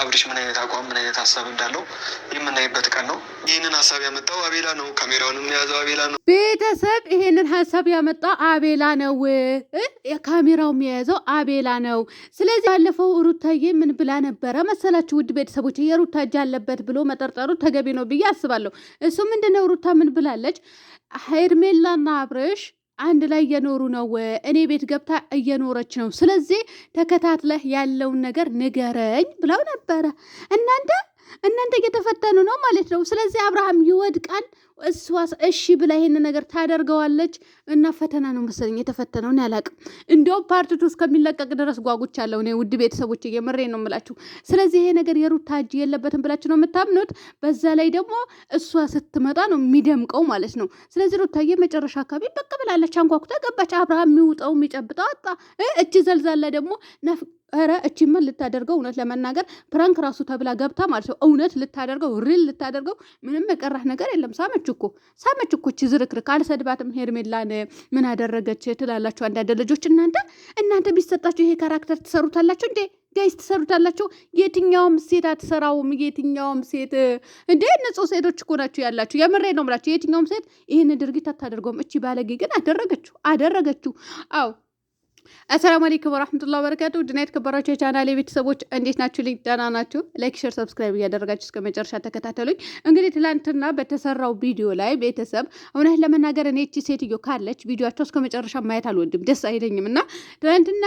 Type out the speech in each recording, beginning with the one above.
አብሪሽ ምን አይነት አቋም ምን አይነት ሀሳብ እንዳለው የምናይበት ቀን ነው። ይህንን ሀሳብ ያመጣው አቤላ ነው። ካሜራውንም የያዘው አቤላ ነው። ቤተሰብ ይሄንን ሀሳብ ያመጣው አቤላ ነው። ካሜራውም የያዘው አቤላ ነው። ስለዚህ ባለፈው ሩታዬ ምን ብላ ነበረ መሰላችሁ? ውድ ቤተሰቦች የሩታ እጅ አለበት ብሎ መጠርጠሩ ተገቢ ነው ብዬ አስባለሁ። እሱ ምንድነው ሩታ ምን ብላለች? ሄርሜላና አብርሽ አንድ ላይ እየኖሩ ነው። እኔ ቤት ገብታ እየኖረች ነው። ስለዚህ ተከታትለህ ያለውን ነገር ንገረኝ ብለው ነበረ። እናንተ እናንተ እየተፈተኑ ነው ማለት ነው። ስለዚህ አብርሃም ይወድቃል፣ እሷስ እሺ ብላ ይሄን ነገር ታደርገዋለች። እና ፈተና ነው መሰለኝ የተፈተነው እኔ አላቅም። እንዲያውም ፓርቲቱ እስከሚለቀቅ ድረስ ጓጉቻለሁ እኔ ውድ ቤተሰቦች፣ የምሬ ነው የምላችሁ። ስለዚህ ይሄ ነገር የሩታ እጅ የለበትም ብላችሁ ነው የምታምኑት። በዛ ላይ ደግሞ እሷ ስትመጣ ነው የሚደምቀው ማለት ነው። ስለዚህ ሩታዬ መጨረሻ አካባቢ በቅ ብላለች። አንኳኩታ ገባች። አብርሃም የሚውጠው የሚጨብጠው አጣ። እጅ ዘልዛላ ደግሞ ረ እችምን ልታደርገው እውነት ለመናገር ፕራንክ ራሱ ተብላ ገብታ ማለት ነው። እውነት ልታደርገው ሪል ልታደርገው ምንም የቀራህ ነገር የለም። ሳመች እኮ ሳመች እኮ እቺ ዝርክርክ አልሰድባትም። ሄርሜላን ምን አደረገች ትላላችሁ አንዳንድ ልጆች። እናንተ እናንተ ቢሰጣችሁ ይሄ ካራክተር ትሰሩታላችሁ እንዴ? ጋይስ ትሰሩታላችሁ። የትኛውም ሴት አትሰራውም። የትኛውም ሴት እንዴ ንጹህ ሴቶች እኮ ናችሁ ያላችሁ። የምሬ ነው የምላችሁ። የትኛውም ሴት ይህን ድርጊት አታደርገውም። እቺ ባለጌ ግን አደረገችው አደረገችው። አዎ አሰላሙ አለይኩም ወራህመቱላሂ ወበረካቱ። ድና የተከበራችሁ የቻናሌ ቤተሰቦች እንዴት ናችሁ? ልኝ ደህና ናችሁ? ላይክ፣ ሼር፣ ሰብስክራይብ እያደረጋችሁ እስከ መጨረሻ ተከታተሉኝ። እንግዲህ ትላንትና በተሰራው ቪዲዮ ላይ ቤተሰብ እውነት ለመናገር እኔ እቺ ሴትዮ ካለች ቪዲዮቸው እስከ መጨረሻ ማየት አልወድም፣ ደስ አይለኝም እና ትላንትና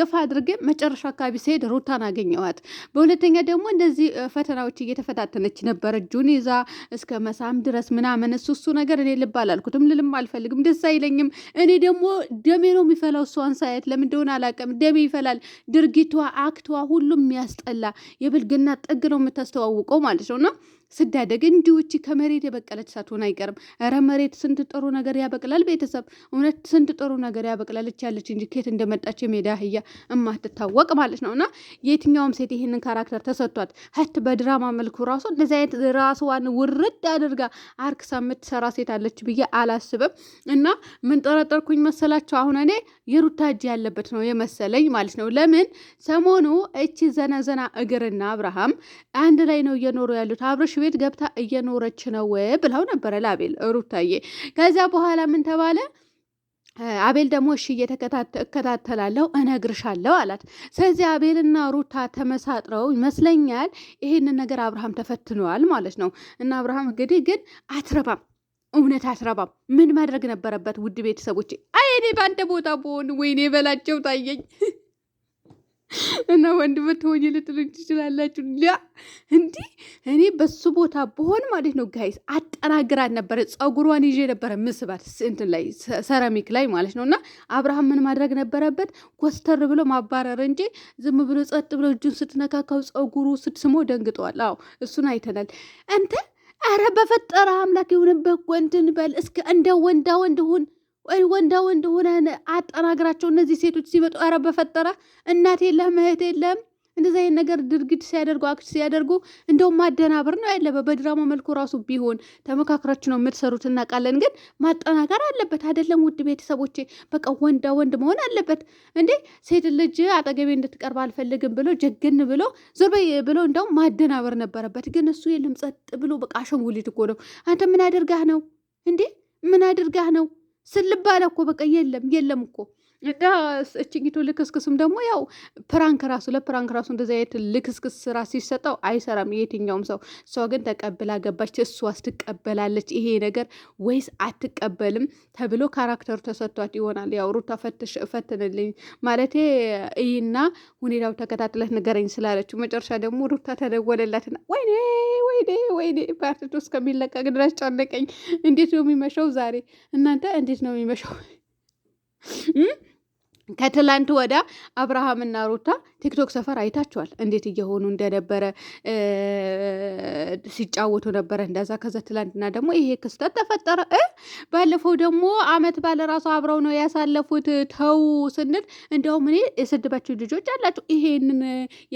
ገፋ አድርጌ መጨረሻ አካባቢ ስሄድ ሩታን አገኘዋት። በሁለተኛ ደግሞ እንደዚህ ፈተናዎች እየተፈታተነች ነበረ፣ እጁን ይዛ እስከ መሳም ድረስ ምናምን። እሱ እሱ ነገር እኔ ልብ አላልኩትም፣ ልልም አልፈልግም፣ ደስ አይለኝም። እኔ ደግሞ ደሜ ነው የሚፈላው እሷን ሳያት ለምን እንደሆነ አላውቅም፣ ደሜ ይፈላል። ድርጊቷ፣ አክቷ ሁሉም የሚያስጠላ የብልግና ጥግ ነው የምታስተዋውቀው ማለት ነው እና ስዳደግ እንዲውቺ ከመሬት የበቀለች ሳትሆን አይቀርም። ኧረ መሬት ስንት ጥሩ ነገር ያበቅላል። ቤተሰብ እውነት ስንት ጥሩ ነገር ያበቅላል። ያለች እንጂ ኬት እንደመጣች የሜዳ አህያ እማትታወቅ ማለት ነው እና የትኛውም ሴት ይህንን ካራክተር ተሰጥቷት ህት በድራማ መልኩ ራሱ እንደዚህ አይነት ራስዋን ውርድ አድርጋ አርክሳ የምትሰራ ሴት አለች ብዬ አላስብም። እና ምን ጠረጠርኩኝ መሰላቸው አሁን እኔ የሩታ ያለበት ነው የመሰለኝ ማለት ነው። ለምን ሰሞኑ እቺ ዘናዘና እግርና አብርሃም አንድ ላይ ነው እየኖሩ ያሉት። አብረሽ ቤት ገብታ እየኖረች ነው ብለው ነበረ ለአቤል ሩታዬ። ከዚያ በኋላ ምን ተባለ? አቤል ደግሞ እሺ እከታተላለሁ እነግርሻለሁ አላት። ስለዚህ አቤልና ሩታ ተመሳጥረው ይመስለኛል ይሄንን ነገር አብርሃም ተፈትኗል ማለት ነው። እና አብርሃም እንግዲህ ግን አትረባም፣ እውነት አትረባም። ምን ማድረግ ነበረበት? ውድ ቤተሰቦች እኔ በአንድ ቦታ በሆን ወይኔ በላቸው ታየኝ እና ወንድ ብትሆኝ ልትሉኝ ትችላላችሁ። ሊያ እንዲህ እኔ በሱ ቦታ በሆን ማለት ነው ጋይስ አጠናግራን ነበረ። ጸጉሯን ይዤ ነበረ ምስባት እንትን ላይ ሰረሚክ ላይ ማለት ነው። እና አብርሃም ምን ማድረግ ነበረበት? ኮስተር ብሎ ማባረር እንጂ ዝም ብሎ ጸጥ ብሎ እጁን ስትነካካው ጸጉሩ ስትስሞ ደንግጠዋል። አዎ እሱን አይተናል። አንተ አረ በፈጠረ አምላክ የሆነበት ወንድን በል እስከ እንደ ወንዳ ወንድ ሁን ወንዳ ወንድ ሆነ አጠናግራቸው እነዚህ ሴቶች ሲመጡ፣ ኧረ በፈጠረ እናት የለም እህት የለም እንደዚህ አይነት ነገር ድርጊት ሲያደርጉ አክት ሲያደርጉ እንደውም ማደናበር ነው ያለበት። በድራማ መልኩ ራሱ ቢሆን ተመካክራችሁ ነው የምትሰሩት እናውቃለን፣ ግን ማጠናከር አለበት አይደለም? ውድ ቤተሰቦቼ በቃ ወንዳ ወንድ መሆን አለበት እንዴ! ሴት ልጅ አጠገቤ እንድትቀርብ አልፈልግም ብሎ ጀግን ብሎ ዞር በይ ብሎ እንደውም ማደናበር ነበረበት፣ ግን እሱ የለም። ጸጥ ብሎ በቃ አሸንጉሊት እኮ ነው። አንተ ምን አድርጋህ ነው እንዴ? ምን አድርጋህ ነው ስልባለ እኮ በቃ የለም የለም እኮ እና እችኝቱ ልክስክስም ደግሞ ያው ፕራንክ ራሱ ለፕራንክ ራሱ እንደዚ አይነት ልክስክስ ስራ ሲሰጠው አይሰራም የትኛውም ሰው። እሷ ግን ተቀብላ ገባች። እሷስ ትቀበላለች ይሄ ነገር ወይስ አትቀበልም ተብሎ ካራክተሩ ተሰጥቷት ይሆናል። ያው ሩታ ፈትሽ እፈትንልኝ ማለት እይና ሁኔታው ተከታትለት ንገረኝ ስላለችው መጨረሻ ደግሞ ሩታ ተደወለላትና ወይኔ ወይኔ ወይኔ ፓርቲቱ እስከሚለቀቅ ድረስ ጨነቀኝ። እንዴት ነው የሚመሸው ዛሬ እናንተ? እንዴት ነው የሚመሸው? ከትላንት ወዳ አብርሃምና ሩታ ቲክቶክ ሰፈር አይታችኋል እንዴት እየሆኑ እንደነበረ ሲጫወቱ ነበረ እንደዛ። ከዛ ትላንትና ደግሞ ይሄ ክስተት ተፈጠረ። ባለፈው ደግሞ አመት ባለ ራሱ አብረው ነው ያሳለፉት። ተው ስንል እንደውም እኔ የስድባቸው ልጆች አላችሁ። ይሄንን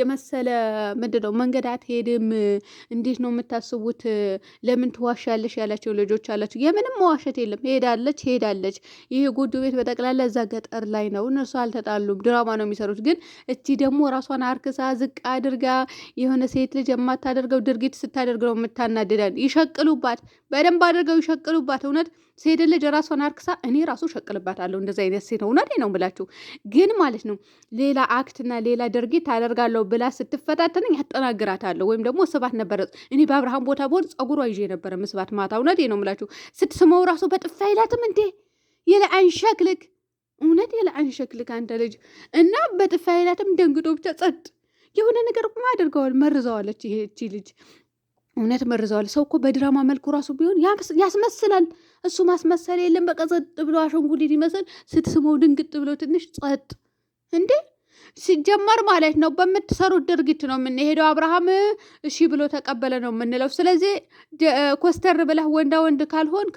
የመሰለ ምንድን ነው መንገድ አትሄድም፣ እንዴት ነው የምታስቡት? ለምን ትዋሻለሽ ያላቸው ልጆች አላችሁ። የምንም መዋሸት የለም። ሄዳለች ሄዳለች። ይሄ ጉዱ ቤት በጠቅላላ እዛ ገጠር ላይ ነው። እነሱ አልተጣሉም፣ ድራማ ነው የሚሰሩት። ግን እቺ ደ ደግሞ ራሷን አርክሳ ዝቅ አድርጋ የሆነ ሴት ልጅ የማታደርገው ድርጊት ስታደርግ ነው የምታናድዳል። ይሸቅሉባት፣ በደንብ አድርገው ይሸቅሉባት። እውነት ሴት ልጅ ራሷን አርክሳ እኔ ራሱ ሸቅልባት አለሁ እንደዚ አይነት ሴት እውነት ነው ብላችሁ ግን ማለት ነው ሌላ አክትና ሌላ ድርጊት አደርጋለሁ ብላ ስትፈታተነኝ ያጠናግራታለሁ። ወይም ደግሞ ስባት ነበረ እኔ በአብርሃም ቦታ ቦል ጸጉሯ ይዤ ነበረ ምስባት ማታ። እውነት ነው ብላችሁ ስትስመው ራሱ በጥፋ አይላትም እንዴ የለ አንሸክልክ እውነት የለአን ሸክልክ አንተ ልጅ እና በጥፋ ይላትም ደንግጦ ብቻ ጸጥ የሆነ ነገር ቁማ አድርገዋል። መርዘዋለች ይቺ ልጅ እውነት መርዘዋል። ሰው እኮ በድራማ መልኩ ራሱ ቢሆን ያስመስላል። እሱ ማስመሰል የለም በቃ ጸጥ ብሎ አሸንጉሊት ይመስል ስትስመው ድንግጥ ብሎ ትንሽ ጸጥ እንዴ ሲጀመር ማለት ነው በምትሰሩት ድርጊት ነው የምንሄደው። አብርሃም እሺ ብሎ ተቀበለ ነው የምንለው። ስለዚህ ኮስተር ብለህ ወንዳ ወንድ ካልሆን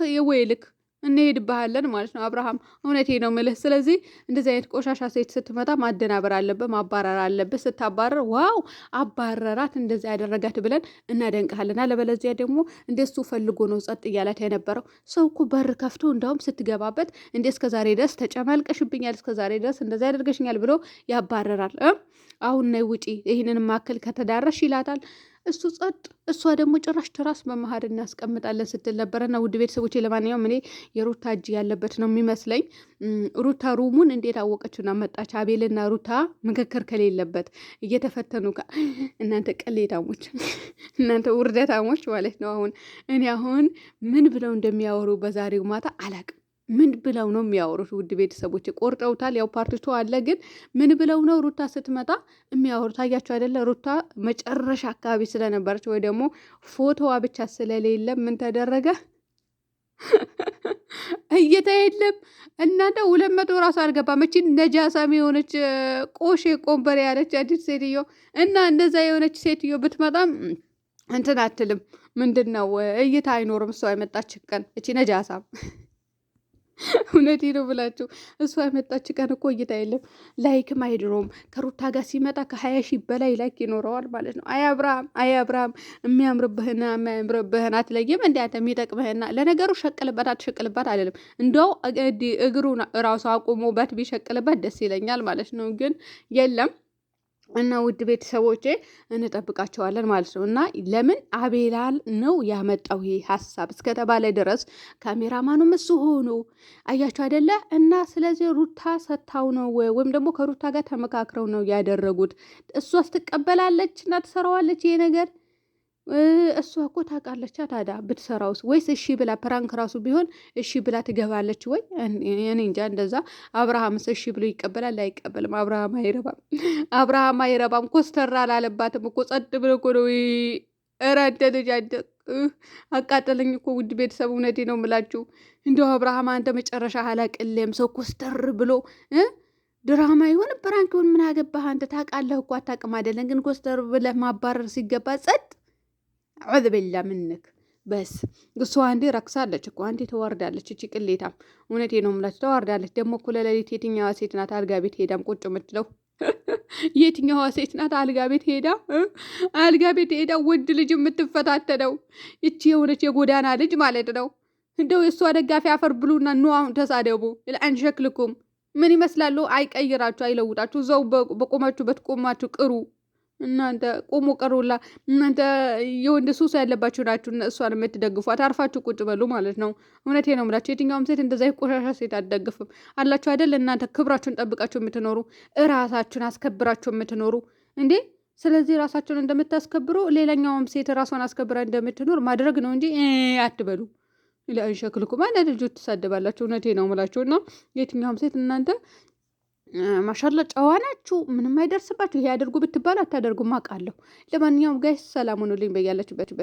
ልክ እንሄድብሃለን ማለት ነው አብርሃም፣ እውነቴ ነው ምልህ። ስለዚህ እንደዚህ አይነት ቆሻሻ ሴት ስትመጣ ማደናበር አለብህ፣ ማባረር አለብህ። ስታባረር ዋው አባረራት እንደዚህ ያደረጋት ብለን እናደንቅሃለን። አለበለዚያ ደግሞ እንደሱ ፈልጎ ነው ጸጥ እያላት የነበረው ሰው እኮ በር ከፍቶ እንዳውም ስትገባበት እንደ እስከዛሬ ድረስ ተጨመልቀሽብኛል፣ እስከዛሬ ድረስ እንደዚህ ያደርገሽኛል ብሎ ያባረራል። አሁን ነይ ውጪ፣ ይህንን ማከል ከተዳረሽ ይላታል። እሱ ጸጥ፣ እሷ ደግሞ ጭራሽ ትራስ በመሀል እናስቀምጣለን ስትል ነበረና ውድ ቤተሰቦች፣ ለማንኛውም እኔ የሩታ እጅ ያለበት ነው የሚመስለኝ። ሩታ ሩሙን እንዴት አወቀችና መጣች? አቤልና ሩታ ምክክር ከሌለበት እየተፈተኑ እናንተ ቅሌታሞች፣ እናንተ ውርደታሞች ማለት ነው። አሁን እኔ አሁን ምን ብለው እንደሚያወሩ በዛሬው ማታ አላቅም። ምን ብለው ነው የሚያወሩት? ውድ ቤተሰቦች ቆርጠውታል። ያው ፓርቲቱ አለ፣ ግን ምን ብለው ነው ሩታ ስትመጣ የሚያወሩት? አያቸው አይደለ? ሩታ መጨረሻ አካባቢ ስለነበረች ወይ ደግሞ ፎቶዋ ብቻ ስለሌለ ምን ተደረገ? እይታ የለም እናንተ። ሁለት መቶ ራሱ አልገባም። እቺ ነጃሳሚ የሆነች ቆሼ ቆንበር ያለች አዲስ ሴትዮ እና እንደዛ የሆነች ሴትዮ ብትመጣም እንትን አትልም። ምንድን ነው እይታ አይኖርም። እሷ የመጣች ቀን እቺ ነጃሳም እውነቴ ነው ብላችሁ እሷ የመጣች ቀን እኮ እይታ የለም ላይክም አይድሮም። ከሩታ ጋር ሲመጣ ከሀያ ሺህ በላይ ላይክ ይኖረዋል ማለት ነው። አይ አብርሃም፣ አይ አብርሃም የሚያምርብህና የሚያምርብህን አትለይም። እንዲ አንተ የሚጠቅምህና ለነገሩ ሸቅልበት አትሸቅልበት አይደለም። እንደው እግሩ ራሱ አቁሞበት ቢሸቅልበት ደስ ይለኛል ማለት ነው፣ ግን የለም እና ውድ ቤተሰቦቼ እንጠብቃቸዋለን ማለት ነው። እና ለምን አቤላል ነው ያመጣው ይሄ ሀሳብ እስከተባለ ድረስ ካሜራማኑ እሱ ሆኖ አያቸው አይደለ? እና ስለዚህ ሩታ ሰታው ነው ወይም ደግሞ ከሩታ ጋር ተመካክረው ነው ያደረጉት። እሷስ ትቀበላለች እና ትሰራዋለች ይሄ ነገር እሷ እኮ ታውቃለች ታዲያ ብትሰራውስ? ወይስ እሺ ብላ ፕራንክ ራሱ ቢሆን እሺ ብላ ትገባለች ወይ? እኔ እንጃ። እንደዛ አብርሃምስ እሺ ብሎ ይቀበላል አይቀበልም? አብርሃም አይረባም፣ አብርሃም አይረባም። ኮስተራ አላለባትም እኮ ጸጥ ብሎ እኮ ነው። ኧረ ልጅ ልጅ አቃጠለኝ እኮ ውድ ቤተሰብ፣ እውነቴ ነው የምላችሁ። እንደው አብርሃም አንተ መጨረሻ አላቅልም። ሰው ኮስተር ብሎ ድራማ ይሁን ፕራንክ ይሁን ምን አገባህ አንተ? ታውቃለህ እኮ አታውቅም አይደለም። ግን ኮስተር ብለህ ማባረር ሲገባ ጸጥ ዑዝ ቢላ ምንክ በስ እሷ አንዴ ረክሳለች እኮ አንዴ ተዋርዳለች። እቺ ቅሌታም እውነቴ ነው የምላችሁ ተዋርዳለች። ደግሞ እኮ ለሌሊት የትኛዋ ሴት ናት አልጋ ቤት ሄዳም ቁጭ የምትለው? የትኛዋ ሴት ናት አልጋ ቤት ሄዳ አልጋ ቤት ሄዳ ወንድ ልጅ የምትፈታተነው? እቺ የሆነች የጎዳና ልጅ ማለት ነው። እንደው የእሷ ደጋፊ አፈር ብሉና ኑ አሁን ተሳደቡ። ለአንሸክልኩም ምን ይመስላሉ? አይቀይራችሁ፣ አይለውጣችሁ። እዛው በቆማችሁበት ቆማችሁ ቅሩ። እናንተ ቁሙ ቀሩላ እናንተ የወንድ ሱስ ያለባችሁ ናችሁ። እሷን የምትደግፏት አርፋችሁ ቁጭ በሉ ማለት ነው። እውነቴ ነው የምላችሁ። የትኛውም ሴት እንደዛ ቆሻሻ ሴት አትደግፍም አላችሁ አይደል? እናንተ ክብራችሁን ጠብቃችሁ የምትኖሩ እራሳችሁን አስከብራችሁ የምትኖሩ እንዴ። ስለዚህ ራሳችሁን እንደምታስከብሩ ሌላኛውም ሴት ራሷን አስከብራ እንደምትኖር ማድረግ ነው እንጂ አትበሉ። ለእንሸክልኩ ማለት ልጆች ትሳደባላችሁ። እውነቴ ነው የምላችሁ እና የትኛውም ሴት እናንተ ማሻላ ጨዋ ናችሁ፣ ምንም አይደርስባችሁ። ይሄ አድርጉ ብትባሉ አታደርጉም አውቃለሁ። ለማንኛውም ጋይ ሰላሙን ልኝ በያላችሁበት